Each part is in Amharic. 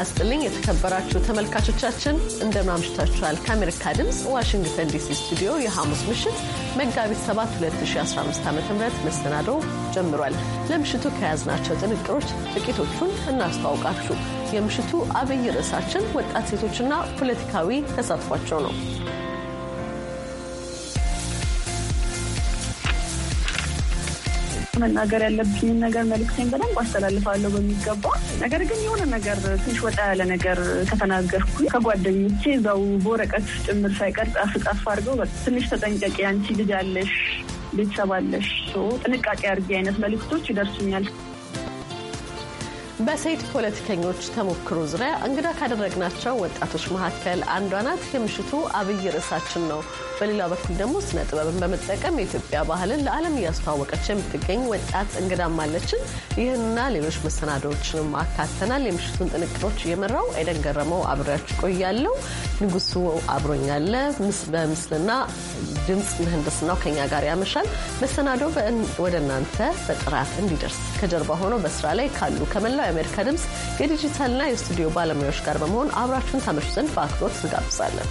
ጤና ስጥልኝ የተከበራችሁ ተመልካቾቻችን እንደምን አምሽታችኋል። ከአሜሪካ ድምፅ ዋሽንግተን ዲሲ ስቱዲዮ የሐሙስ ምሽት መጋቢት 7 2015 ዓ ም መሰናዶው ጀምሯል። ለምሽቱ ከያዝናቸው ጥንቅሮች ጥቂቶቹን እናስተዋውቃችሁ። የምሽቱ አብይ ርዕሳችን ወጣት ሴቶችና ፖለቲካዊ ተሳትፏቸው ነው። መናገር ያለብኝን ነገር መልዕክቴን በደንብ አስተላልፋለሁ በሚገባ። ነገር ግን የሆነ ነገር ትንሽ ወጣ ያለ ነገር ከተናገርኩ ከጓደኞቼ እዛው በወረቀት ጭምር ሳይቀር ጻፍ ጻፍ አድርገው ትንሽ ተጠንቀቂ፣ አንቺ ልጅ አለሽ፣ ቤተሰብ አለሽ፣ ጥንቃቄ አድርጊ አይነት መልክቶች ይደርሱኛል። በሴት ፖለቲከኞች ተሞክሮ ዙሪያ እንግዳ ካደረግናቸው ወጣቶች መካከል አንዷ ናት። የምሽቱ አብይ ርዕሳችን ነው። በሌላ በኩል ደግሞ ስነ ጥበብን በመጠቀም የኢትዮጵያ ባህልን ለዓለም እያስተዋወቀች የምትገኝ ወጣት እንግዳም አለችን። ይህንና ሌሎች መሰናዶዎችንም አካተናል። የምሽቱን ጥንቅሮች እየመራው ኤደን ገረመው አብሬያችሁ ቆያለሁ። ንጉሱ አብሮኛለ። በምስልና ድምፅ ምህንድስናው ከኛ ጋር ያመሻል። መሰናዶ ወደ እናንተ በጥራት እንዲደርስ ከጀርባ ሆኖ በስራ ላይ ካሉ ከመላው የአሜሪካ ድምፅ የዲጂታልና የስቱዲዮ ባለሙያዎች ጋር በመሆን አብራችሁን ታመሹ ዘንድ በአክብሮት እንጋብዛለን።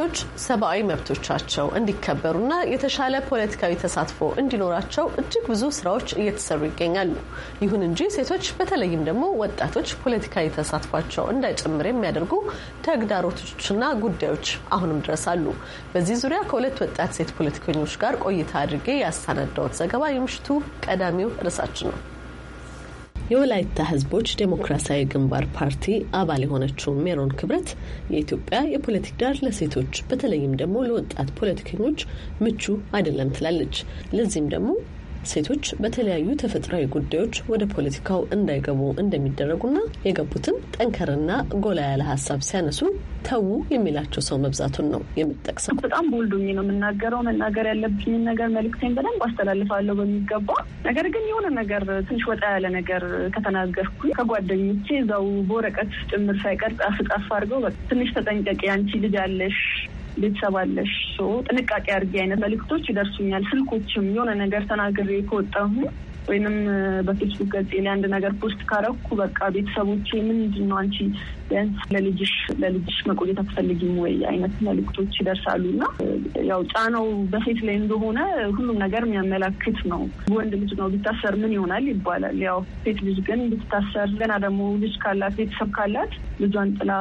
ሴቶች ሰብአዊ መብቶቻቸው እንዲከበሩና የተሻለ ፖለቲካዊ ተሳትፎ እንዲኖራቸው እጅግ ብዙ ስራዎች እየተሰሩ ይገኛሉ። ይሁን እንጂ ሴቶች በተለይም ደግሞ ወጣቶች ፖለቲካዊ ተሳትፏቸው እንዳይጨምር የሚያደርጉ ተግዳሮቶችና ጉዳዮች አሁንም ድረስ አሉ። በዚህ ዙሪያ ከሁለት ወጣት ሴት ፖለቲከኞች ጋር ቆይታ አድርጌ ያሰናዳሁት ዘገባ የምሽቱ ቀዳሚው ርዕሳችን ነው። የወላይታ ህዝቦች ዴሞክራሲያዊ ግንባር ፓርቲ አባል የሆነችው ሜሮን ክብረት የኢትዮጵያ የፖለቲክ ዳር ለሴቶች በተለይም ደግሞ ለወጣት ፖለቲከኞች ምቹ አይደለም ትላለች። ለዚህም ደግሞ ሴቶች በተለያዩ ተፈጥሯዊ ጉዳዮች ወደ ፖለቲካው እንዳይገቡ እንደሚደረጉና የገቡትን ጠንከርና ጎላ ያለ ሀሳብ ሲያነሱ ተዉ የሚላቸው ሰው መብዛቱን ነው የምጠቅሰው። በጣም ቦልዶኝ ነው የምናገረው። መናገር ያለብኝን ነገር መልዕክቴን በደንብ አስተላልፋለሁ በሚገባ። ነገር ግን የሆነ ነገር ትንሽ ወጣ ያለ ነገር ከተናገርኩኝ ከጓደኞቼ እዛው በወረቀት ጭምር ሳይቀር ጻፍ ጻፍ አድርገው ትንሽ ተጠንቀቂ፣ አንቺ ልጅ አለሽ፣ ቤተሰብ አለሽ፣ ጥንቃቄ አድርጊ አይነት መልክቶች ይደርሱኛል። ስልኮችም የሆነ ነገር ተናግሬ ከወጣሁ ወይንም በፌስቡክ ገጽ ላይ አንድ ነገር ፖስት ካረኩ በቃ ቤተሰቦቼ ምንድን ነው አንቺ ቢያንስ ለልጅሽ ለልጅሽ መቆየት አትፈልጊም ወይ አይነት መልእክቶች ይደርሳሉ እና ያው ጫናው በሴት ላይ እንደሆነ ሁሉም ነገር የሚያመላክት ነው። ወንድ ልጅ ነው ቢታሰር ምን ይሆናል ይባላል። ያው ሴት ልጅ ግን ብትታሰር ገና ደግሞ ልጅ ካላት ቤተሰብ ካላት ልጇን ጥላ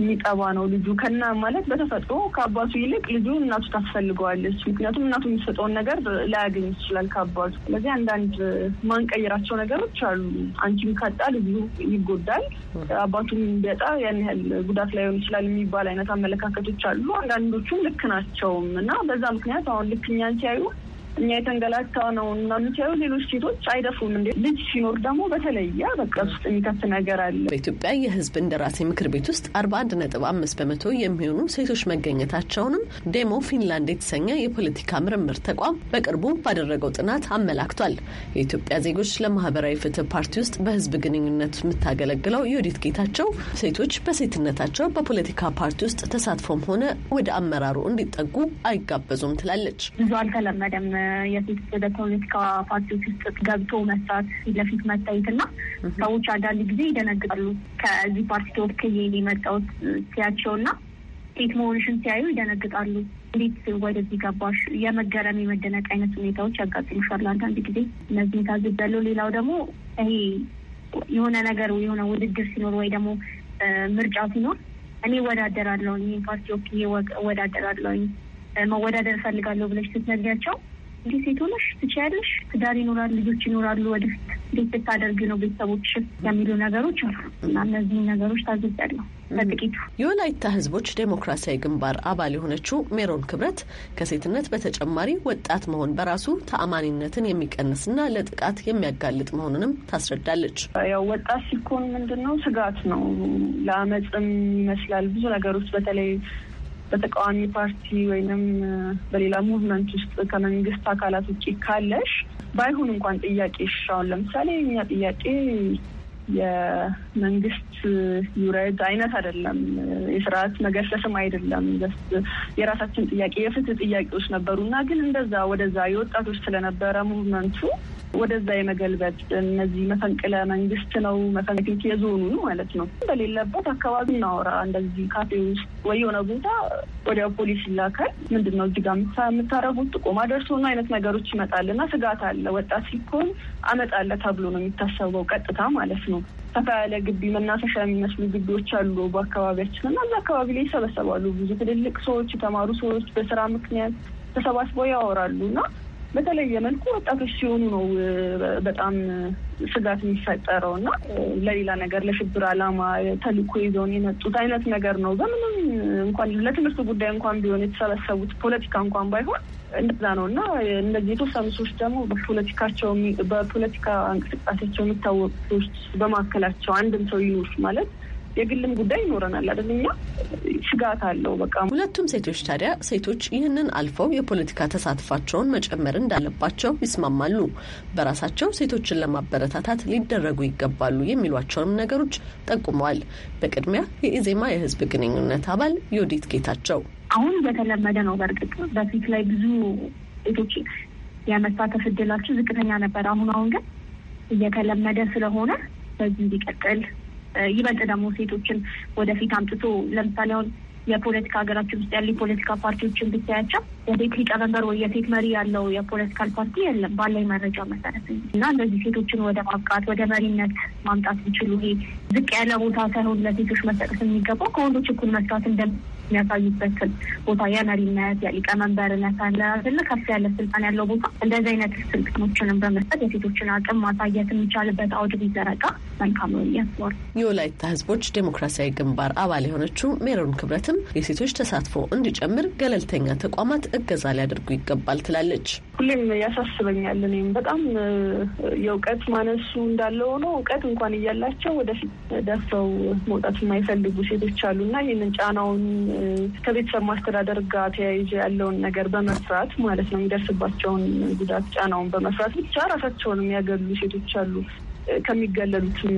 የሚጠባ ነው ልጁ ከና ማለት በተፈጥሮ ከአባቱ ይልቅ ልጁ እናቱ ታስፈልገዋለች። ምክንያቱም እናቱ የሚሰጠውን ነገር ላያገኝ ይችላል ከአባቱ። ስለዚህ አንዳንድ ማንቀይራቸው ነገሮች አሉ። አንቺም ካጣ ልዩ ይጎዳል፣ አባቱም ቢያጣ ያን ያህል ጉዳት ላይሆን ይችላል የሚባል አይነት አመለካከቶች አሉ። አንዳንዶቹም ልክ ናቸውም እና በዛ ምክንያት አሁን ልክ እኛን ሲያዩ እኛ የተንገላታ ነው እና ሌሎች ሴቶች አይደፉም እንዴ? ልጅ ሲኖር ደግሞ በተለየ በቃ ውስጥ የሚከት ነገር አለ። በኢትዮጵያ የህዝብ እንደራሴ ምክር ቤት ውስጥ አርባ አንድ ነጥብ አምስት በመቶ የሚሆኑ ሴቶች መገኘታቸውንም ዴሞ ፊንላንድ የተሰኘ የፖለቲካ ምርምር ተቋም በቅርቡ ባደረገው ጥናት አመላክቷል። የኢትዮጵያ ዜጎች ለማህበራዊ ፍትህ ፓርቲ ውስጥ በህዝብ ግንኙነት የምታገለግለው የወዲት ጌታቸው ሴቶች በሴትነታቸው በፖለቲካ ፓርቲ ውስጥ ተሳትፎም ሆነ ወደ አመራሩ እንዲጠጉ አይጋበዙም ትላለች። ብዙ አልተለመደም የሴት ወደ ፖለቲካ ፓርቲዎች ውስጥ ገብቶ መስራት ፊት ለፊት መታየት እና ሰዎች አንዳንድ ጊዜ ይደነግጣሉ። ከዚህ ፓርቲ ተወክዬ የመጣሁት ሲያቸው እና ሴት መሆንሽን ሲያዩ ይደነግጣሉ። እንዴት ወደዚህ ገባሽ? የመገረም የመደነቅ አይነት ሁኔታዎች ያጋጥሙሻል አንዳንድ ጊዜ። እነዚህ ታዝቤያለሁ። ሌላው ደግሞ ይሄ የሆነ ነገር የሆነ ውድድር ሲኖር ወይ ደግሞ ምርጫ ሲኖር እኔ እወዳደራለሁኝ ይህን ፓርቲ ወክዬ እወዳደራለሁኝ መወዳደር እፈልጋለሁ ብለሽ ስትነግሪያቸው እንዲህ ሴት ሆነሽ ትችያለሽ፣ ትዳር ይኖራል፣ ልጆች ይኖራሉ፣ ወደፊት ቤት ብታደርግ ነው ቤተሰቦች የሚሉ ነገሮች አሉ እና እነዚህ ነገሮች ታዘቢያለሁ በጥቂቱ። የወላይታ ሕዝቦች ዴሞክራሲያዊ ግንባር አባል የሆነችው ሜሮን ክብረት ከሴትነት በተጨማሪ ወጣት መሆን በራሱ ተአማኒነትን የሚቀንስና ለጥቃት የሚያጋልጥ መሆኑንም ታስረዳለች። ያው ወጣት ሲኮን ምንድን ነው ስጋት ነው፣ ለአመፅም ይመስላል ብዙ ነገሮች በተለይ በተቃዋሚ ፓርቲ ወይንም በሌላ ሙቭመንት ውስጥ ከመንግስት አካላት ውጭ ካለሽ ባይሆን እንኳን ጥያቄ ይሻውን ለምሳሌ እኛ ጥያቄ የመንግስት ዩረድ አይነት አይደለም። የስርዓት መገርሰስም አይደለም። የራሳችን ጥያቄ የፍትህ ጥያቄዎች ነበሩ እና ግን እንደዛ ወደዛ የወጣቶች ስለነበረ ሙቭመንቱ ወደዛ የመገልበጥ እነዚህ መፈንቅለ መንግስት ነው መፈንቅ የዞኑ ማለት ነው። በሌለበት አካባቢ እናወራ እንደዚህ ካፌ ውስጥ ወይ የሆነ ቦታ ወዲያው ፖሊስ ይላካል። ምንድን ነው እዚህ የምታረጉት ጥቆማ ደርሶና አይነት ነገሮች ይመጣል እና ስጋት አለ። ወጣት ሲኮን አመጣለ ተብሎ ነው የሚታሰበው ቀጥታ ማለት ነው። ሰፋ ያለ ግቢ መናፈሻ የሚመስሉ ግቢዎች አሉ በአካባቢያችን እና እዛ አካባቢ ላይ ይሰበሰባሉ ብዙ ትልልቅ ሰዎች፣ የተማሩ ሰዎች በስራ ምክንያት ተሰባስበው ያወራሉ እና በተለየ መልኩ ወጣቶች ሲሆኑ ነው በጣም ስጋት የሚፈጠረው እና ለሌላ ነገር ለሽብር አላማ ተልእኮ ይዘውን የመጡት አይነት ነገር ነው። በምንም እንኳን ለትምህርት ጉዳይ እንኳን ቢሆን የተሰበሰቡት ፖለቲካ እንኳን ባይሆን እንደዛ ነው እና እነዚህ የተወሰኑ ሰዎች ደግሞ በፖለቲካቸው በፖለቲካ እንቅስቃሴቸው የሚታወቁ ሰዎች በማካከላቸው አንድም ሰው ይኑር ማለት የግልም ጉዳይ ይኖረናል አይደል? እኛ ስጋት አለው በቃ። ሁለቱም ሴቶች ታዲያ ሴቶች ይህንን አልፈው የፖለቲካ ተሳትፋቸውን መጨመር እንዳለባቸው ይስማማሉ። በራሳቸው ሴቶችን ለማበረታታት ሊደረጉ ይገባሉ የሚሏቸውንም ነገሮች ጠቁመዋል። በቅድሚያ የኢዜማ የህዝብ ግንኙነት አባል ዮዲት ጌታቸው አሁን የተለመደ ነው። በእርግጥ በፊት ላይ ብዙ ሴቶች የመሳተፍ እድላቸው ዝቅተኛ ነበር። አሁን አሁን ግን እየተለመደ ስለሆነ በዚህ እንዲቀጥል ይበልጥ ደግሞ ሴቶችን ወደፊት አምጥቶ ለምሳሌ አሁን የፖለቲካ ሀገራችን ውስጥ ያሉ የፖለቲካ ፓርቲዎችን ብታያቸው የሴት ሊቀመንበር ወይ የሴት መሪ ያለው የፖለቲካል ፓርቲ የለም፣ ባለኝ መረጃ መሰረት እና እንደዚህ ሴቶችን ወደ ማብቃት ወደ መሪነት ማምጣት ቢችሉ ይሄ ዝቅ ያለ ቦታ ሳይሆን ለሴቶች መሰጠት የሚገባው ከወንዶች እኩል መስራት እንደ የሚያሳዩበት ቦታ የመሪነት የሊቀመንበርነት አለ አይደለ ከፍ ያለ ስልጣን ያለው ቦታ እንደዚህ አይነት ስልጣኖችንም በመስጠት የሴቶችን አቅም ማሳየት የሚቻልበት አውድ ቢዘረጋ መልካም ነው ያስባል። የወላይታ ህዝቦች ዴሞክራሲያዊ ግንባር አባል የሆነችው ሜሮን ክብረትም የሴቶች ተሳትፎ እንዲጨምር ገለልተኛ ተቋማት እገዛ ሊያደርጉ ይገባል ትላለች። ሁሌም ያሳስበኛል። እኔም በጣም የእውቀት ማነሱ እንዳለ ሆኖ እውቀት እንኳን እያላቸው ወደፊት ደፍረው መውጣት የማይፈልጉ ሴቶች እና ይህንን ጫናውን ከቤተሰብ ማስተዳደር ጋር ተያይዞ ያለውን ነገር በመፍራት ማለት ነው የሚደርስባቸውን ጉዳት ጫናውን በመፍራት ብቻ ራሳቸውን የሚያገሉ ሴቶች አሉ። ከሚገለሉትም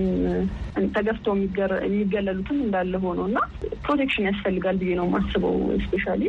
ተገፍተው የሚገለሉትም እንዳለ ሆኖ እና ፕሮቴክሽን ያስፈልጋል ብዬ ነው የማስበው። ስፔሻሊ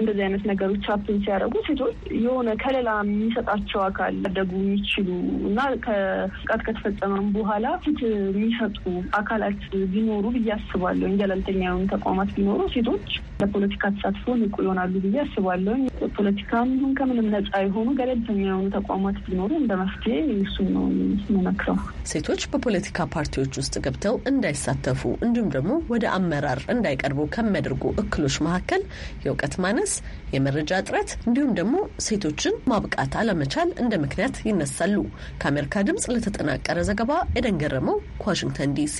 እንደዚህ አይነት ነገሮች ሀፕን ሲያደርጉ ሴቶች የሆነ ከሌላ የሚሰጣቸው አካል ሊያደጉ የሚችሉ እና ከጥቃት ከተፈጸመም በኋላ ፍትህ የሚሰጡ አካላት ቢኖሩ ብዬ አስባለሁ። ገለልተኛ የሆኑ ተቋማት ቢኖሩ ሴቶች ለፖለቲካ ተሳትፎ ንቁ ይሆናሉ ብዬ አስባለሁ። ፖለቲካም ከምንም ነጻ የሆኑ ገለልተኛ የሆኑ ተቋማት ቢኖሩ እንደ መፍትሄ እሱን ነው የምመክረው። ሴቶች በፖለቲካ ፓርቲዎች ውስጥ ገብተው እንዳይሳተፉ እንዲሁም ደግሞ ወደ አመራር እንዳይቀርቡ ከሚያደርጉ እክሎች መካከል የእውቀት ማነስ፣ የመረጃ እጥረት እንዲሁም ደግሞ ሴቶችን ማብቃት አለመቻል እንደ ምክንያት ይነሳሉ። ከአሜሪካ ድምጽ ለተጠናቀረ ዘገባ ኤደን ገረመው ከዋሽንግተን ዲሲ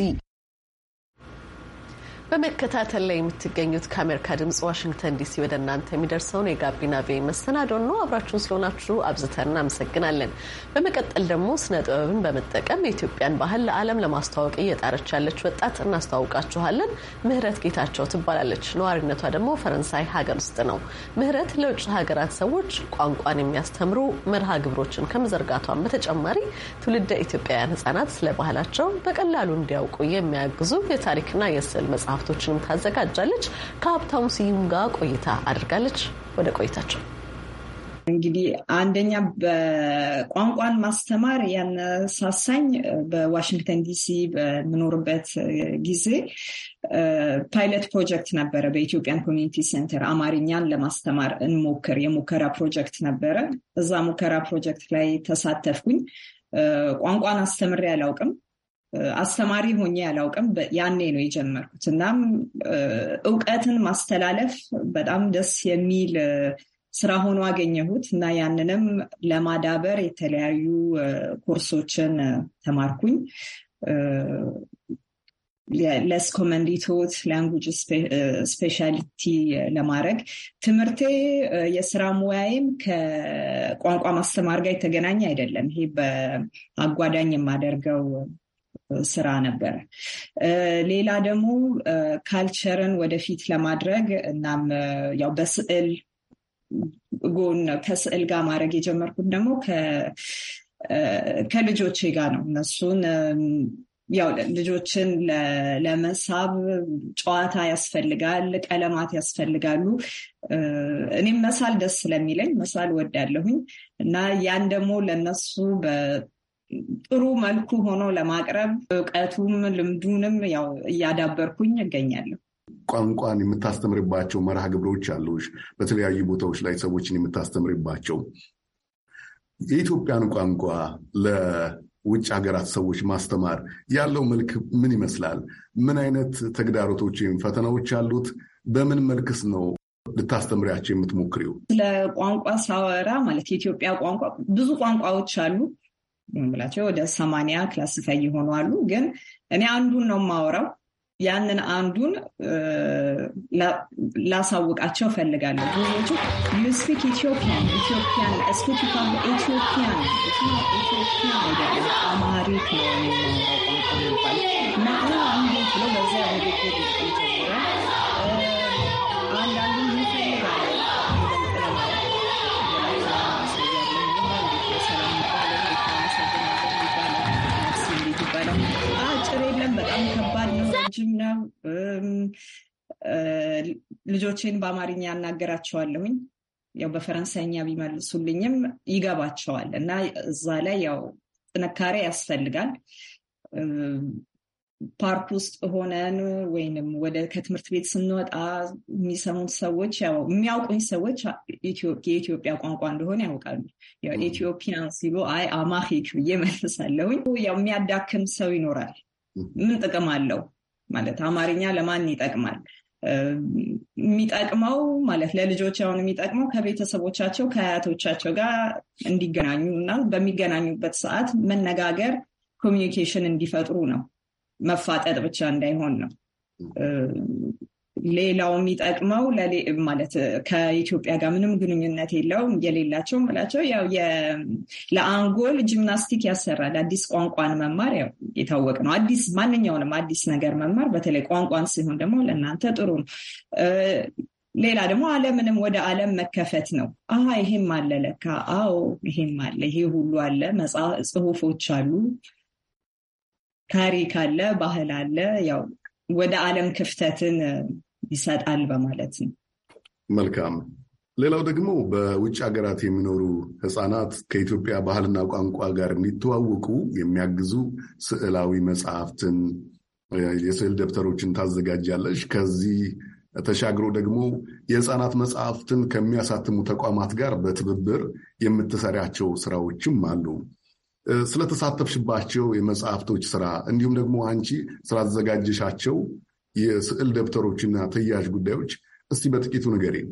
በመከታተል ላይ የምትገኙት ከአሜሪካ ድምጽ ዋሽንግተን ዲሲ ወደ እናንተ የሚደርሰውን የጋቢና ቬ መሰናዶን ነው። አብራችሁን ስለሆናችሁ አብዝተን እናመሰግናለን። በመቀጠል ደግሞ ስነ ጥበብን በመጠቀም የኢትዮጵያን ባህል ለዓለም ለማስተዋወቅ እየጣረች ያለች ወጣት እናስተዋውቃችኋለን። ምህረት ጌታቸው ትባላለች። ነዋሪነቷ ደግሞ ፈረንሳይ ሀገር ውስጥ ነው። ምህረት ለውጭ ሀገራት ሰዎች ቋንቋን የሚያስተምሩ መርሃ ግብሮችን ከመዘርጋቷን በተጨማሪ ትውልደ ኢትዮጵያውያን ህጻናት ስለ ባህላቸው በቀላሉ እንዲያውቁ የሚያግዙ የታሪክና የስዕል መጽሐፍ መጽሐፍቶችንም ታዘጋጃለች። ከሀብታሙ ስዩም ጋር ቆይታ አድርጋለች። ወደ ቆይታቸው እንግዲህ አንደኛ በቋንቋን ማስተማር ያነሳሳኝ በዋሽንግተን ዲሲ በምኖርበት ጊዜ ፓይለት ፕሮጀክት ነበረ። በኢትዮጵያን ኮሚኒቲ ሴንተር አማርኛን ለማስተማር እንሞክር የሙከራ ፕሮጀክት ነበረ። እዛ ሙከራ ፕሮጀክት ላይ ተሳተፍኩኝ። ቋንቋን አስተምሬ አላውቅም። አስተማሪ ሆኜ አላውቅም። ያኔ ነው የጀመርኩት። እናም እውቀትን ማስተላለፍ በጣም ደስ የሚል ስራ ሆኖ አገኘሁት እና ያንንም ለማዳበር የተለያዩ ኮርሶችን ተማርኩኝ። ለስኮመንዲቶት ላንጉጅ ስፔሻሊቲ ለማድረግ ትምህርቴ የስራ ሙያዬም ከቋንቋ ማስተማር ጋር የተገናኘ አይደለም። ይሄ በአጓዳኝ የማደርገው ስራ ነበረ። ሌላ ደግሞ ካልቸርን ወደፊት ለማድረግ እናም ያው በስዕል ጎን ከስዕል ጋር ማድረግ የጀመርኩት ደግሞ ከልጆቼ ጋር ነው። እነሱን ያው ልጆችን ለመሳብ ጨዋታ ያስፈልጋል፣ ቀለማት ያስፈልጋሉ። እኔም መሳል ደስ ስለሚለኝ መሳል ወዳለሁኝ እና ያን ደግሞ ለነሱ ጥሩ መልኩ ሆኖ ለማቅረብ እውቀቱም ልምዱንም ያው እያዳበርኩኝ እገኛለሁ። ቋንቋን የምታስተምርባቸው መርሃ ግብሮች አሉሽ። በተለያዩ ቦታዎች ላይ ሰዎችን የምታስተምርባቸው የኢትዮጵያን ቋንቋ ለውጭ ሀገራት ሰዎች ማስተማር ያለው መልክ ምን ይመስላል? ምን አይነት ተግዳሮቶች ወይም ፈተናዎች አሉት? በምን መልክስ ነው ልታስተምሪያቸው የምትሞክሪው? ስለ ቋንቋ ሳወራ ማለት የኢትዮጵያ ቋንቋ ብዙ ቋንቋዎች አሉ። ምላቸው ወደ ሰማንያ ክላሲፋይ የሆኑ አሉ። ግን እኔ አንዱን ነው የማወራው። ያንን አንዱን ላሳውቃቸው እፈልጋለሁ። ብዙዎቹ ዩ ኢትዮጵያን ኢትዮጵያን ኢትዮጵያን ኢትዮጵያን አይደለም አማሪክ ነው ሚባል እና አንዱ ብሎ በዚያ ወደ ጀምረ ልጆችም ነው። ልጆችን በአማርኛ ያናገራቸዋለሁኝ። ያው በፈረንሳይኛ ቢመልሱልኝም ይገባቸዋል እና እዛ ላይ ያው ጥንካሬ ያስፈልጋል። ፓርክ ውስጥ ሆነን ወይንም ወደ ከትምህርት ቤት ስንወጣ የሚሰሙን ሰዎች ያው የሚያውቁኝ ሰዎች የኢትዮጵያ ቋንቋ እንደሆነ ያውቃሉ። ያው ሲሉ አይ አማሂክ ብዬ መልሳለሁኝ። ያው የሚያዳክም ሰው ይኖራል። ምን ጥቅም አለው? ማለት አማርኛ ለማን ይጠቅማል? የሚጠቅመው ማለት ለልጆች አሁን የሚጠቅመው ከቤተሰቦቻቸው ከአያቶቻቸው ጋር እንዲገናኙ እና በሚገናኙበት ሰዓት መነጋገር ኮሚኒኬሽን እንዲፈጥሩ ነው። መፋጠጥ ብቻ እንዳይሆን ነው። ሌላው የሚጠቅመው ማለት ከኢትዮጵያ ጋር ምንም ግንኙነት የለውም የሌላቸው ምላቸው ያው ለአንጎል ጂምናስቲክ ያሰራል። አዲስ ቋንቋን መማር ያው የታወቀ ነው። አዲስ ማንኛውንም አዲስ ነገር መማር በተለይ ቋንቋን ሲሆን ደግሞ ለእናንተ ጥሩ ነው። ሌላ ደግሞ ዓለምንም ወደ ዓለም መከፈት ነው። አሀ ይሄም አለ ለካ፣ አዎ ይሄም አለ፣ ይሄ ሁሉ አለ፣ መጽሐፍ ጽሁፎች አሉ፣ ታሪክ አለ፣ ባህል አለ። ያው ወደ ዓለም ክፍተትን ይሰጣል በማለት ነው። መልካም። ሌላው ደግሞ በውጭ ሀገራት የሚኖሩ ህፃናት ከኢትዮጵያ ባህልና ቋንቋ ጋር እንዲተዋወቁ የሚያግዙ ስዕላዊ መጽሐፍትን፣ የስዕል ደብተሮችን ታዘጋጃለች። ከዚህ ተሻግሮ ደግሞ የህፃናት መጽሐፍትን ከሚያሳትሙ ተቋማት ጋር በትብብር የምትሰሪያቸው ስራዎችም አሉ። ስለተሳተፍሽባቸው የመጽሐፍቶች ስራ እንዲሁም ደግሞ አንቺ ስላዘጋጀሻቸው የስዕል ደብተሮችና ተያዥ ጉዳዮች እስቲ በጥቂቱ ንገሪኝ።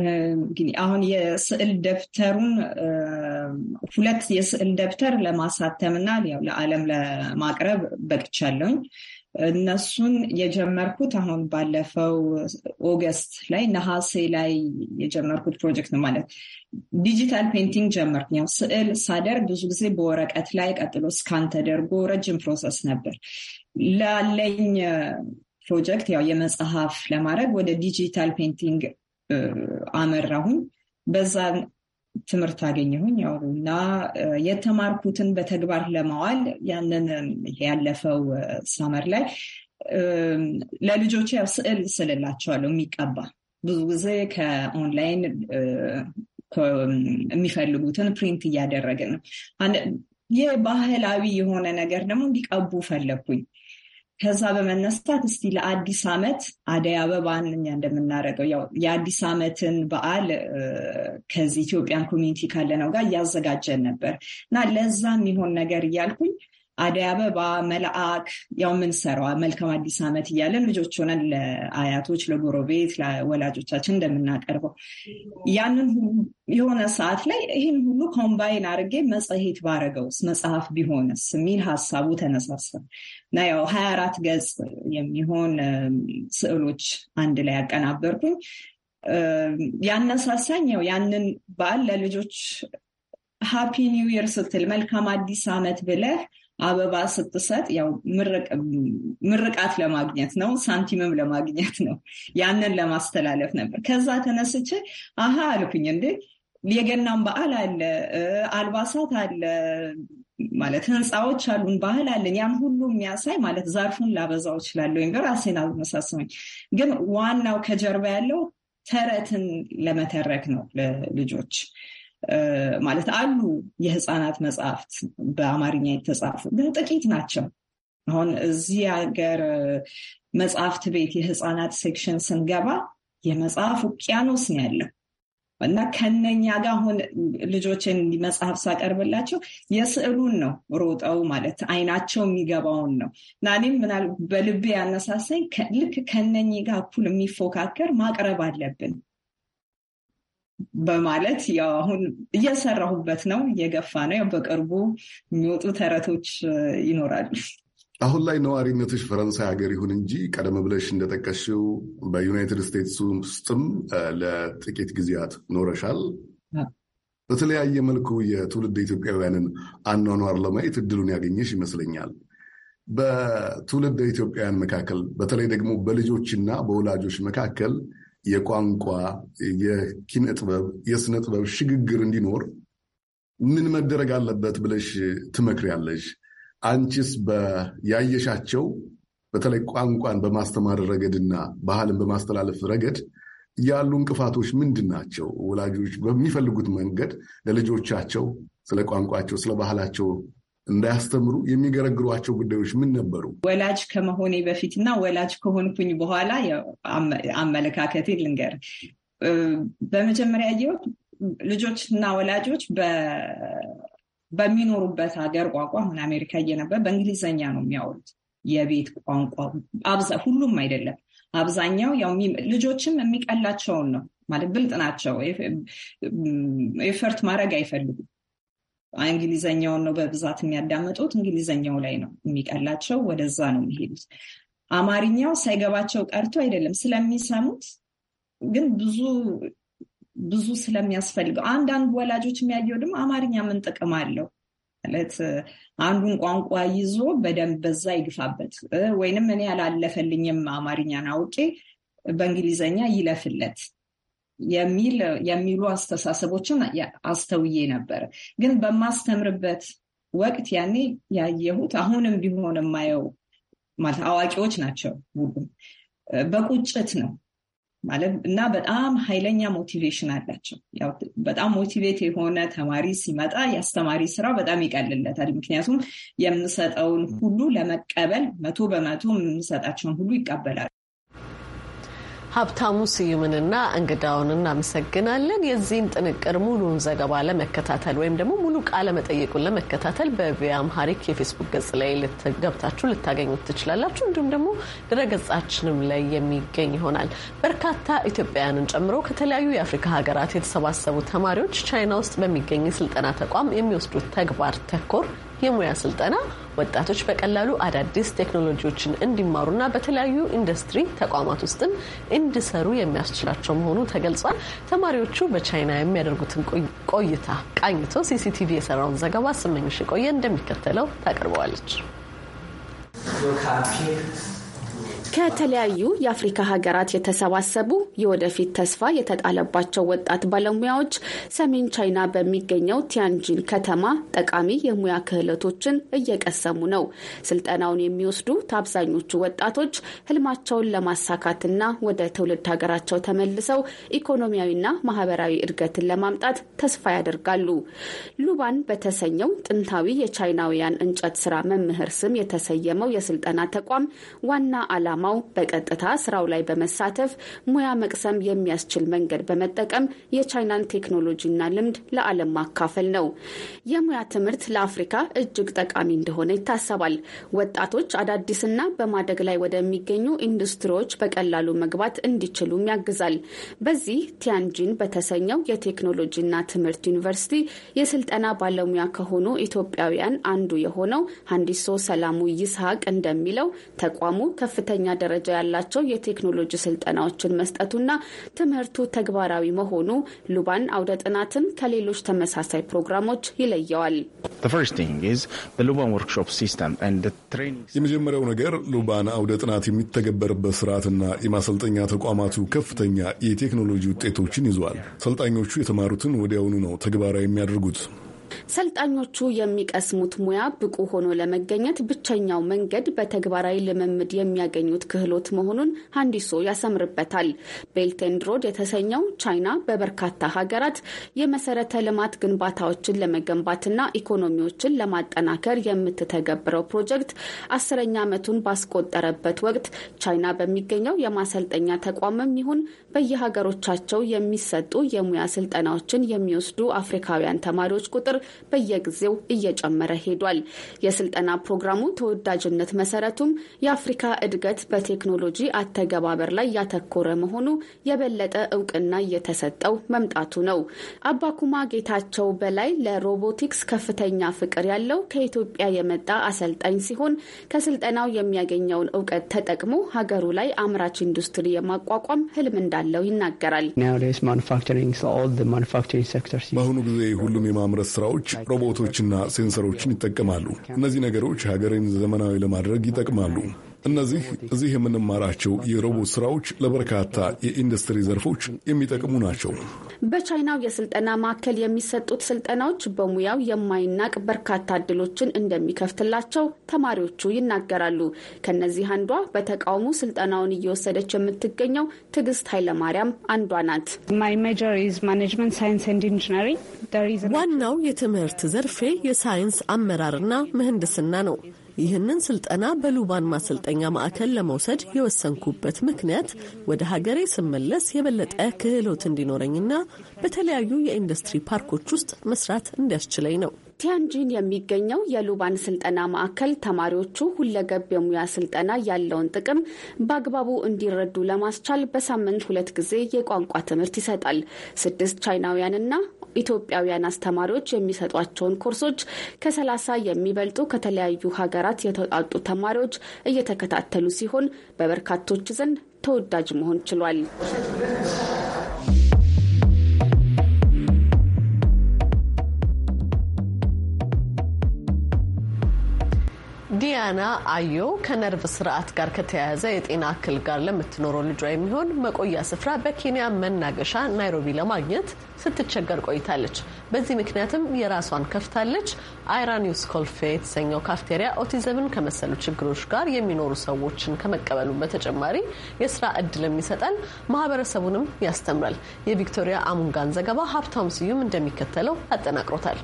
እንግዲህ አሁን የስዕል ደብተሩን ሁለት የስዕል ደብተር ለማሳተምና እና ለዓለም ለማቅረብ በቅቻለሁኝ። እነሱን የጀመርኩት አሁን ባለፈው ኦገስት ላይ ነሐሴ ላይ የጀመርኩት ፕሮጀክት ነው። ማለት ዲጂታል ፔንቲንግ ጀመርኩ። ያው ስዕል ሳደርግ ብዙ ጊዜ በወረቀት ላይ ቀጥሎ ስካን ተደርጎ ረጅም ፕሮሰስ ነበር። ላለኝ ፕሮጀክት ያው የመጽሐፍ ለማድረግ ወደ ዲጂታል ፔንቲንግ አመራሁኝ። በዛ ትምህርት አገኘሁኝ ያው እና የተማርኩትን በተግባር ለማዋል ያንን ያለፈው ሳመር ላይ ለልጆች ያው ስዕል ስልላቸዋለሁ የሚቀባ ብዙ ጊዜ ከኦንላይን የሚፈልጉትን ፕሪንት እያደረግን ነው። ይህ ባህላዊ የሆነ ነገር ደግሞ እንዲቀቡ ፈለግኩኝ። ከዛ በመነሳት እስቲ ለአዲስ ዓመት አደይ አበባን እኛ እንደምናደርገው የአዲስ ዓመትን በዓል ከዚህ ኢትዮጵያን ኮሚኒቲ ካለነው ጋር እያዘጋጀን ነበር እና ለዛ የሚሆን ነገር እያልኩኝ አደይ አበባ፣ መልአክ ያው የምንሰራዋ መልካም አዲስ ዓመት እያለን ልጆች ሆነን ለአያቶች፣ ለጎረቤት፣ ለወላጆቻችን እንደምናቀርበው ያንን የሆነ ሰዓት ላይ ይህን ሁሉ ኮምባይን አድርጌ መጽሔት ባረገውስ መጽሐፍ ቢሆንስ የሚል ሀሳቡ ተነሳሰ እና ያው ሀያ አራት ገጽ የሚሆን ስዕሎች አንድ ላይ ያቀናበርኩኝ ያነሳሳኝ ያው ያንን በዓል ለልጆች ሃፒ ኒው ይር ስትል መልካም አዲስ ዓመት ብለህ አበባ ስትሰጥ ያው ምርቃት ለማግኘት ነው፣ ሳንቲምም ለማግኘት ነው። ያንን ለማስተላለፍ ነበር። ከዛ ተነስቼ አሀ አልኩኝ እንዴ የገናም በዓል አለ፣ አልባሳት አለ ማለት ህንፃዎች አሉን፣ ባህል አለን። ያን ሁሉ የሚያሳይ ማለት ዛርፉን ላበዛው እችላለሁ ወይም ራሴን አልመሳሰኝ፣ ግን ዋናው ከጀርባ ያለው ተረትን ለመተረክ ነው ለልጆች ማለት አሉ የህፃናት መጽሐፍት በአማርኛ የተጻፉ ግን ጥቂት ናቸው። አሁን እዚህ ሀገር መጽሐፍት ቤት የህፃናት ሴክሽን ስንገባ የመጽሐፍ ውቅያኖስ ነው ያለው እና ከነኛ ጋር አሁን ልጆችን መጽሐፍ ሳቀርብላቸው የስዕሉን ነው ሮጠው ማለት አይናቸው የሚገባውን ነው እና እኔም ምናል በልቤ ያነሳሳኝ ልክ ከነኚህ ጋር እኩል የሚፎካከር ማቅረብ አለብን በማለት ያው አሁን እየሰራሁበት ነው፣ እየገፋ ነው። በቅርቡ የሚወጡ ተረቶች ይኖራሉ። አሁን ላይ ነዋሪነትሽ ፈረንሳይ ሀገር ይሁን እንጂ ቀደም ብለሽ እንደጠቀሽው በዩናይትድ ስቴትስ ውስጥም ለጥቂት ጊዜያት ኖረሻል። በተለያየ መልኩ የትውልድ ኢትዮጵያውያንን አኗኗር ለማየት እድሉን ያገኘሽ ይመስለኛል። በትውልድ ኢትዮጵያውያን መካከል በተለይ ደግሞ በልጆችና በወላጆች መካከል የቋንቋ፣ የኪነ ጥበብ፣ የስነ ጥበብ ሽግግር እንዲኖር ምን መደረግ አለበት ብለሽ ትመክሪያለሽ? አንቺስ ያየሻቸው በተለይ ቋንቋን በማስተማር ረገድና ባህልን በማስተላለፍ ረገድ ያሉ እንቅፋቶች ምንድን ናቸው? ወላጆች በሚፈልጉት መንገድ ለልጆቻቸው ስለ ቋንቋቸው፣ ስለ ባህላቸው እንዳያስተምሩ የሚገረግሯቸው ጉዳዮች ምን ነበሩ? ወላጅ ከመሆኔ በፊትና ወላጅ ከሆንኩኝ በኋላ አመለካከቴ ልንገር። በመጀመሪያ ጊዜ ልጆች እና ወላጆች በሚኖሩበት ሀገር ቋንቋ አሁን አሜሪካ እየነበር በእንግሊዝኛ ነው የሚያወሩት። የቤት ቋንቋ አብዛ ሁሉም አይደለም። አብዛኛው ያው ልጆችም የሚቀላቸውን ነው ማለት ብልጥ ናቸው። ኤፈርት ማድረግ አይፈልጉም። እንግሊዘኛውን ነው በብዛት የሚያዳምጡት። እንግሊዘኛው ላይ ነው የሚቀላቸው፣ ወደዛ ነው የሚሄዱት። አማርኛው ሳይገባቸው ቀርቶ አይደለም ስለሚሰሙት፣ ግን ብዙ ብዙ ስለሚያስፈልገው አንዳንድ ወላጆች የሚያየው ደግሞ አማርኛ ምን ጥቅም አለው ማለት አንዱን ቋንቋ ይዞ በደንብ በዛ ይግፋበት፣ ወይንም እኔ ያላለፈልኝም አማርኛን አውቄ በእንግሊዘኛ ይለፍለት የሚል የሚሉ አስተሳሰቦችን አስተውዬ ነበር። ግን በማስተምርበት ወቅት ያኔ ያየሁት አሁንም ቢሆን የማየው ማለት አዋቂዎች ናቸው ሁሉም በቁጭት ነው ማለት እና በጣም ኃይለኛ ሞቲቬሽን አላቸው። በጣም ሞቲቬት የሆነ ተማሪ ሲመጣ የአስተማሪ ስራ በጣም ይቀልለታል። ምክንያቱም የምሰጠውን ሁሉ ለመቀበል መቶ በመቶ የምሰጣቸውን ሁሉ ይቀበላል። ሀብታሙ ስዩምንና እንግዳውን እናመሰግናለን። የዚህን ጥንቅር ሙሉን ዘገባ ለመከታተል ወይም ደግሞ ሙሉ ቃለ መጠየቁን ለመከታተል በቪኦኤ አምሃሪክ የፌስቡክ ገጽ ላይ ገብታችሁ ልታገኙት ትችላላችሁ። እንዲሁም ደግሞ ድረገጻችንም ላይ የሚገኝ ይሆናል። በርካታ ኢትዮጵያውያንን ጨምሮ ከተለያዩ የአፍሪካ ሀገራት የተሰባሰቡ ተማሪዎች ቻይና ውስጥ በሚገኝ የስልጠና ተቋም የሚወስዱት ተግባር ተኮር የሙያ ስልጠና ወጣቶች በቀላሉ አዳዲስ ቴክኖሎጂዎችን እንዲማሩና በተለያዩ ኢንዱስትሪ ተቋማት ውስጥም እንዲሰሩ የሚያስችላቸው መሆኑ ተገልጿል። ተማሪዎቹ በቻይና የሚያደርጉትን ቆይታ ቃኝቶ ሲሲቲቪ የሰራውን ዘገባ ስመኝሽ ቆየ እንደሚከተለው ታቀርበዋለች። ከተለያዩ የአፍሪካ ሀገራት የተሰባሰቡ የወደፊት ተስፋ የተጣለባቸው ወጣት ባለሙያዎች ሰሜን ቻይና በሚገኘው ቲያንጂን ከተማ ጠቃሚ የሙያ ክህሎቶችን እየቀሰሙ ነው። ስልጠናውን የሚወስዱ አብዛኞቹ ወጣቶች ህልማቸውን ለማሳካትና ወደ ትውልድ ሀገራቸው ተመልሰው ኢኮኖሚያዊና ማህበራዊ እድገትን ለማምጣት ተስፋ ያደርጋሉ። ሉባን በተሰኘው ጥንታዊ የቻይናውያን እንጨት ስራ መምህር ስም የተሰየመው የስልጠና ተቋም ዋና ዓላማ ከተማው በቀጥታ ስራው ላይ በመሳተፍ ሙያ መቅሰም የሚያስችል መንገድ በመጠቀም የቻይናን ቴክኖሎጂና ልምድ ለዓለም ማካፈል ነው። የሙያ ትምህርት ለአፍሪካ እጅግ ጠቃሚ እንደሆነ ይታሰባል። ወጣቶች አዳዲስና በማደግ ላይ ወደሚገኙ ኢንዱስትሪዎች በቀላሉ መግባት እንዲችሉም ያግዛል። በዚህ ቲያንጂን በተሰኘው የቴክኖሎጂና ትምህርት ዩኒቨርሲቲ የስልጠና ባለሙያ ከሆኑ ኢትዮጵያውያን አንዱ የሆነው ሀንዲሶ ሰላሙ ይስሐቅ እንደሚለው ተቋሙ ከፍተኛ ደረጃ ያላቸው የቴክኖሎጂ ስልጠናዎችን መስጠቱና ትምህርቱ ተግባራዊ መሆኑ ሉባን አውደ ጥናትን ከሌሎች ተመሳሳይ ፕሮግራሞች ይለየዋል። የመጀመሪያው ነገር ሉባን አውደ ጥናት የሚተገበርበት ስርዓትና የማሰልጠኛ ተቋማቱ ከፍተኛ የቴክኖሎጂ ውጤቶችን ይዟል ሰልጣኞቹ የተማሩትን ወዲያውኑ ነው ተግባራዊ የሚያደርጉት። ሰልጣኞቹ የሚቀስሙት ሙያ ብቁ ሆኖ ለመገኘት ብቸኛው መንገድ በተግባራዊ ልምምድ የሚያገኙት ክህሎት መሆኑን ሀንዲሶ ያሰምርበታል። ቤልቴንድሮድ የተሰኘው ቻይና በበርካታ ሀገራት የመሰረተ ልማት ግንባታዎችን ለመገንባትና ኢኮኖሚዎችን ለማጠናከር የምትተገብረው ፕሮጀክት አስረኛ ዓመቱን ባስቆጠረበት ወቅት ቻይና በሚገኘው የማሰልጠኛ ተቋምም ይሁን በየሀገሮቻቸው የሚሰጡ የሙያ ስልጠናዎችን የሚወስዱ አፍሪካውያን ተማሪዎች ቁጥር ቁጥር በየጊዜው እየጨመረ ሄዷል። የስልጠና ፕሮግራሙ ተወዳጅነት መሰረቱም የአፍሪካ እድገት በቴክኖሎጂ አተገባበር ላይ ያተኮረ መሆኑ የበለጠ እውቅና እየተሰጠው መምጣቱ ነው። አባኩማ ጌታቸው በላይ ለሮቦቲክስ ከፍተኛ ፍቅር ያለው ከኢትዮጵያ የመጣ አሰልጣኝ ሲሆን ከስልጠናው የሚያገኘውን እውቀት ተጠቅሞ ሀገሩ ላይ አምራች ኢንዱስትሪ የማቋቋም ህልም እንዳለው ይናገራል። በአሁኑ ጊዜ ሁሉም የማምረት ስራ ስራዎች ሮቦቶችና ሴንሰሮችን ይጠቀማሉ። እነዚህ ነገሮች ሀገርን ዘመናዊ ለማድረግ ይጠቅማሉ። እነዚህ እዚህ የምንማራቸው የሮቦት ስራዎች ለበርካታ የኢንዱስትሪ ዘርፎች የሚጠቅሙ ናቸው። በቻይናው የስልጠና ማዕከል የሚሰጡት ስልጠናዎች በሙያው የማይናቅ በርካታ እድሎችን እንደሚከፍትላቸው ተማሪዎቹ ይናገራሉ። ከነዚህ አንዷ በተቃውሞ ስልጠናውን እየወሰደች የምትገኘው ትዕግስት ኃይለማርያም አንዷ ናት። ዋናው የትምህርት ዘርፌ የሳይንስ አመራርና ምህንድስና ነው። ይህንን ስልጠና በሉባን ማሰልጠኛ ማዕከል ለመውሰድ የወሰንኩበት ምክንያት ወደ ሀገሬ ስመለስ የበለጠ ክህሎት እንዲኖረኝና በተለያዩ የኢንዱስትሪ ፓርኮች ውስጥ መስራት እንዲያስችለኝ ነው። ቲያንጂን የሚገኘው የሉባን ስልጠና ማዕከል ተማሪዎቹ ሁለገብ የሙያ ስልጠና ያለውን ጥቅም በአግባቡ እንዲረዱ ለማስቻል በሳምንት ሁለት ጊዜ የቋንቋ ትምህርት ይሰጣል። ስድስት ቻይናውያንና ኢትዮጵያውያን አስተማሪዎች የሚሰጧቸውን ኮርሶች ከሰላሳ የሚበልጡ ከተለያዩ ሀገራት የተውጣጡ ተማሪዎች እየተከታተሉ ሲሆን በበርካቶች ዘንድ ተወዳጅ መሆን ችሏል። ዳና አዮ ከነርቭ ስርዓት ጋር ከተያያዘ የጤና እክል ጋር ለምትኖረው ልጇ የሚሆን መቆያ ስፍራ በኬንያ መናገሻ ናይሮቢ ለማግኘት ስትቸገር ቆይታለች። በዚህ ምክንያትም የራሷን ከፍታለች። አይራኒውስ ኮልፌ የተሰኘው ካፍቴሪያ ኦቲዝምን ከመሰሉ ችግሮች ጋር የሚኖሩ ሰዎችን ከመቀበሉ በተጨማሪ የስራ እድልም ይሰጣል፣ ማህበረሰቡንም ያስተምራል። የቪክቶሪያ አሙንጋን ዘገባ ሀብታም ስዩም እንደሚከተለው አጠናቅሮታል።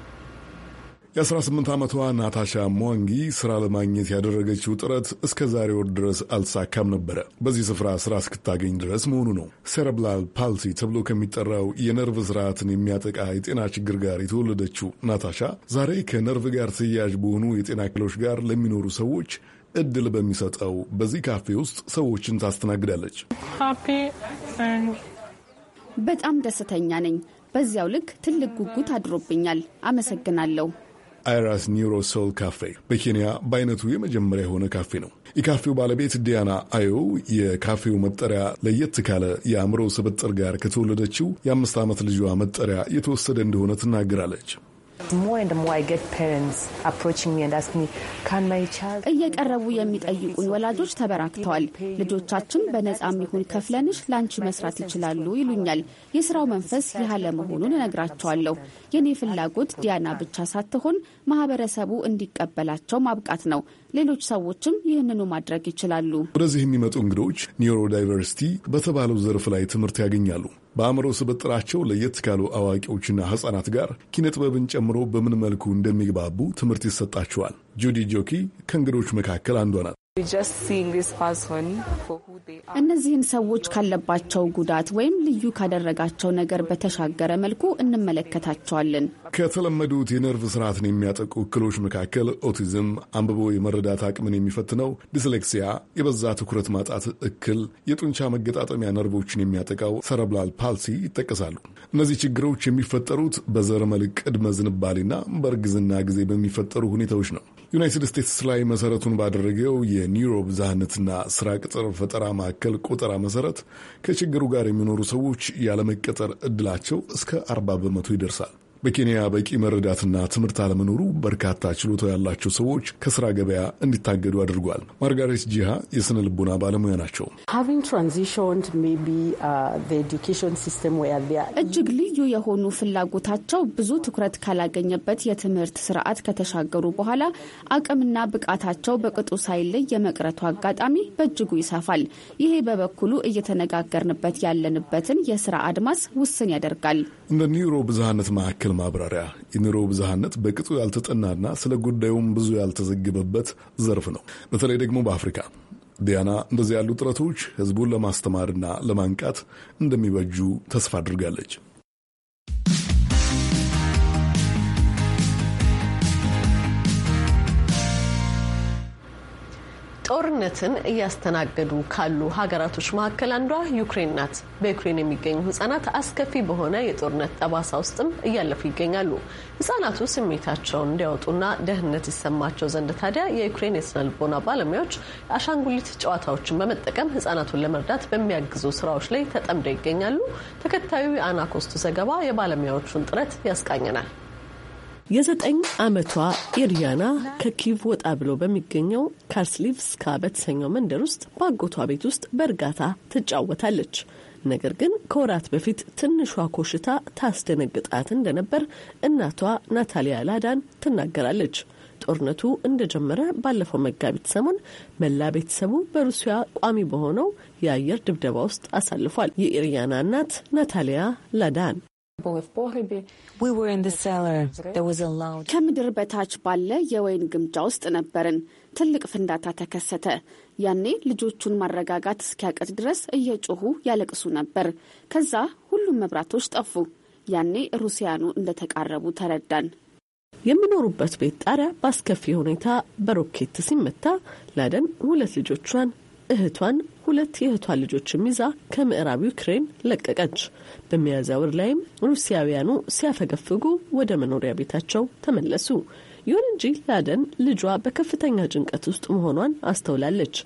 የ18 ዓመቷ ናታሻ ሟንጊ ሥራ ለማግኘት ያደረገችው ጥረት እስከ ዛሬ ወር ድረስ አልተሳካም ነበረ። በዚህ ስፍራ ሥራ እስክታገኝ ድረስ መሆኑ ነው። ሴረብላል ፓልሲ ተብሎ ከሚጠራው የነርቭ ስርዓትን የሚያጠቃ የጤና ችግር ጋር የተወለደችው ናታሻ ዛሬ ከነርቭ ጋር ተያያዥ በሆኑ የጤና ክሎች ጋር ለሚኖሩ ሰዎች እድል በሚሰጠው በዚህ ካፌ ውስጥ ሰዎችን ታስተናግዳለች። በጣም ደስተኛ ነኝ። በዚያው ልክ ትልቅ ጉጉት አድሮብኛል። አመሰግናለሁ። አይራስ ኒውሮ ሶል ካፌ በኬንያ በአይነቱ የመጀመሪያ የሆነ ካፌ ነው። የካፌው ባለቤት ዲያና አዮ የካፌው መጠሪያ ለየት ካለ የአእምሮ ስብጥር ጋር ከተወለደችው የአምስት ዓመት ልጇ መጠሪያ የተወሰደ እንደሆነ ትናገራለች። እየቀረቡ የሚጠይቁኝ ወላጆች ተበራክተዋል። ልጆቻችን በነጻም ይሁን ከፍለንሽ ለአንቺ መስራት ይችላሉ ይሉኛል። የስራው መንፈስ ይህ አለመሆኑን እነግራቸዋለሁ። የኔ ፍላጎት ዲያና ብቻ ሳትሆን ማህበረሰቡ እንዲቀበላቸው ማብቃት ነው። ሌሎች ሰዎችም ይህንኑ ማድረግ ይችላሉ። ወደዚህ የሚመጡ እንግዶች ኒውሮ ዳይቨርሲቲ በተባለው ዘርፍ ላይ ትምህርት ያገኛሉ። በአእምሮ ስብጥራቸው ለየት ካሉ አዋቂዎችና ሕፃናት ጋር ኪነ ጥበብን ጨምሮ በምን መልኩ እንደሚግባቡ ትምህርት ይሰጣቸዋል። ጁዲ ጆኪ ከእንግዶች መካከል አንዷ ናት። እነዚህን ሰዎች ካለባቸው ጉዳት ወይም ልዩ ካደረጋቸው ነገር በተሻገረ መልኩ እንመለከታቸዋለን። ከተለመዱት የነርቭ ስርዓትን የሚያጠቁ እክሎች መካከል ኦቲዝም፣ አንብቦ የመረዳት አቅምን የሚፈትነው ዲስሌክሲያ፣ የበዛ ትኩረት ማጣት እክል፣ የጡንቻ መገጣጠሚያ ነርቮችን የሚያጠቃው ሰረብላል ፓልሲ ይጠቀሳሉ። እነዚህ ችግሮች የሚፈጠሩት በዘረመል ቅድመ ዝንባሌና በእርግዝና ጊዜ በሚፈጠሩ ሁኔታዎች ነው። ዩናይትድ ስቴትስ ላይ መሰረቱን ባደረገው የኒውሮ ብዝሃነትና ስራ ቅጥር ፈጠራ ማዕከል ቆጠራ መሰረት ከችግሩ ጋር የሚኖሩ ሰዎች ያለመቀጠር እድላቸው እስከ 40 በመቶ ይደርሳል። በኬንያ በቂ መረዳትና ትምህርት አለመኖሩ በርካታ ችሎታ ያላቸው ሰዎች ከስራ ገበያ እንዲታገዱ አድርጓል። ማርጋሬት ጂሃ የስነ ልቦና ባለሙያ ናቸው። uh, እጅግ ልዩ የሆኑ ፍላጎታቸው ብዙ ትኩረት ካላገኘበት የትምህርት ስርዓት ከተሻገሩ በኋላ አቅምና ብቃታቸው በቅጡ ሳይለይ የመቅረቱ አጋጣሚ በእጅጉ ይሰፋል። ይሄ በበኩሉ እየተነጋገርንበት ያለንበትን የስራ አድማስ ውስን ያደርጋል። እንደ ኒውሮ ብዝሃነት ማዕከል ያክል ማብራሪያ። የኑሮ ብዝሃነት በቅጡ ያልተጠናና ስለ ጉዳዩም ብዙ ያልተዘገበበት ዘርፍ ነው፣ በተለይ ደግሞ በአፍሪካ። ዲያና እንደዚህ ያሉ ጥረቶች ህዝቡን ለማስተማርና ለማንቃት እንደሚበጁ ተስፋ አድርጋለች። ጦርነትን እያስተናገዱ ካሉ ሀገራቶች መካከል አንዷ ዩክሬን ናት። በዩክሬን የሚገኙ ህጻናት አስከፊ በሆነ የጦርነት ጠባሳ ውስጥም እያለፉ ይገኛሉ። ህጻናቱ ስሜታቸውን እንዲያወጡና ደህንነት ይሰማቸው ዘንድ ታዲያ የዩክሬን የስነልቦና ባለሙያዎች አሻንጉሊት ጨዋታዎችን በመጠቀም ህጻናቱን ለመርዳት በሚያግዙ ስራዎች ላይ ተጠምደው ይገኛሉ። ተከታዩ የአናኮስቱ ዘገባ የባለሙያዎቹን ጥረት ያስቃኘናል። የዘጠኝ ዓመቷ ኢሪያና ከኪቭ ወጣ ብሎ በሚገኘው ካርስሊቭስካ በተሰኘው መንደር ውስጥ በአጎቷ ቤት ውስጥ በእርጋታ ትጫወታለች። ነገር ግን ከወራት በፊት ትንሿ ኮሽታ ታስደነግጣት እንደነበር እናቷ ናታሊያ ላዳን ትናገራለች። ጦርነቱ እንደጀመረ ባለፈው መጋቢት ሰሞን መላ ቤተሰቡ በሩሲያ ቋሚ በሆነው የአየር ድብደባ ውስጥ አሳልፏል። የኢሪያና እናት ናታሊያ ላዳን ከምድር በታች ባለ የወይን ግምጃ ውስጥ ነበርን። ትልቅ ፍንዳታ ተከሰተ። ያኔ ልጆቹን ማረጋጋት እስኪያቅት ድረስ እየጮሁ ያለቅሱ ነበር። ከዛ ሁሉም መብራቶች ጠፉ። ያኔ ሩሲያኑ እንደተቃረቡ ተረዳን። የሚኖሩበት ቤት ጣሪያ በአስከፊ ሁኔታ በሮኬት ሲመታ ላደን ሁለት ልጆቿን እህቷን፣ ሁለት የእህቷ ልጆችም ይዛ ከምዕራብ ዩክሬን ለቀቀች። በሚያዝያ ወር ላይም ሩሲያውያኑ ሲያፈገፍጉ ወደ መኖሪያ ቤታቸው ተመለሱ። ይሁን እንጂ ላደን ልጇ በከፍተኛ ጭንቀት ውስጥ መሆኗን አስተውላለች።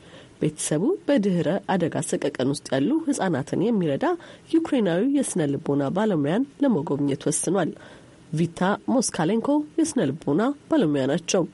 ቤተሰቡ በድህረ አደጋ ሰቀቀን ውስጥ ያሉ ህጻናትን የሚረዳ ዩክሬናዊ የስነ ልቦና ባለሙያን ለመጎብኘት ወስኗል። ቪታ ሞስካሌንኮ የስነ ልቦና ባለሙያ ናቸው።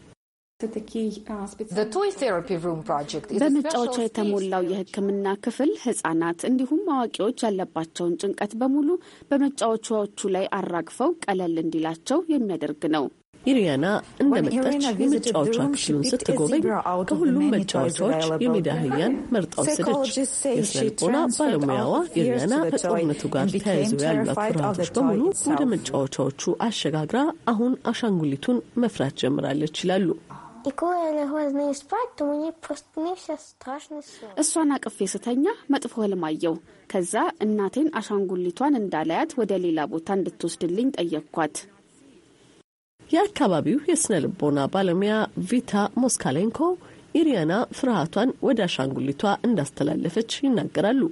በመጫወቻ የተሞላው የሕክምና ክፍል ህጻናት እንዲሁም አዋቂዎች ያለባቸውን ጭንቀት በሙሉ በመጫወቻዎቹ ላይ አራግፈው ቀለል እንዲላቸው የሚያደርግ ነው። ኢሪያና እንደመጣች የመጫወቻ ክፍሉን ስትጎበኝ ከሁሉም መጫወቻዎች የሜዳ አህያን መርጣ ወሰደች። የስነልቦና ባለሙያዋ ኢሪያና ከጦርነቱ ጋር ተያይዞ ያሏት ፍርሃቶች በሙሉ ወደ መጫወቻዎቹ አሸጋግራ አሁን አሻንጉሊቱን መፍራት ጀምራለች ይላሉ። І коли я лягла з нею спати, то мені проснився страшний сон. እሷን አቅፌ ስተኛ መጥፎ ህልም አየው። ከዛ እናቴን አሻንጉሊቷን እንዳላያት ወደ ሌላ ቦታ እንድትወስድልኝ ጠየቅኳት። የአካባቢው የስነ ልቦና ባለሙያ ቪታ ሞስካሌንኮ ኢሪያና ፍርሃቷን ወደ አሻንጉሊቷ እንዳስተላለፈች ይናገራሉ።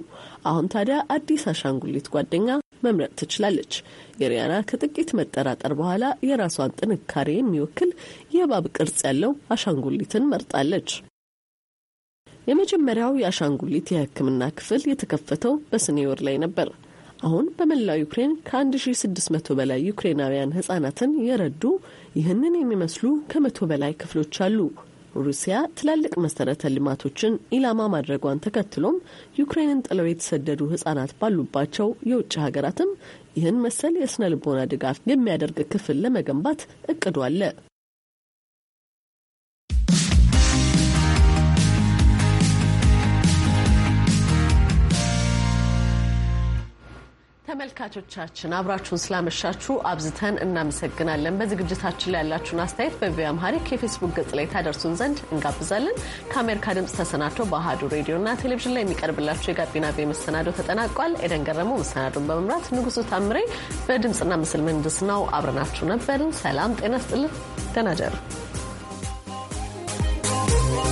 አሁን ታዲያ አዲስ አሻንጉሊት ጓደኛ መምረጥ ትችላለች። የሪያና ከጥቂት መጠራጠር በኋላ የራሷን ጥንካሬ የሚወክል የእባብ ቅርጽ ያለው አሻንጉሊትን መርጣለች። የመጀመሪያው የአሻንጉሊት የሕክምና ክፍል የተከፈተው በሰኔ ወር ላይ ነበር። አሁን በመላው ዩክሬን ከ1600 በላይ ዩክሬናውያን ህጻናትን የረዱ ይህንን የሚመስሉ ከመቶ በላይ ክፍሎች አሉ። ሩሲያ ትላልቅ መሰረተ ልማቶችን ኢላማ ማድረጓን ተከትሎም ዩክሬንን ጥለው የተሰደዱ ህጻናት ባሉባቸው የውጭ ሀገራትም ይህን መሰል የስነ ልቦና ድጋፍ የሚያደርግ ክፍል ለመገንባት እቅዱ አለ። ተመልካቾቻችን አብራችሁን ስላመሻችሁ አብዝተን እናመሰግናለን። በዝግጅታችን ላይ ያላችሁን አስተያየት በቪ አምሃሪክ የፌስቡክ ገጽ ላይ ታደርሱን ዘንድ እንጋብዛለን። ከአሜሪካ ድምፅ ተሰናድቶ በአህዱ እና ቴሌቪዥን ላይ የሚቀርብላቸው የጋቢና ቤ መሰናዶ ተጠናቋል። ኤደን ገረመው መሰናዶን በመምራት ንጉሱ ታምሬ በድምፅና ምስል ነው አብረናችሁ ነበርን። ሰላም ጤና ስጥልን። ደናጀር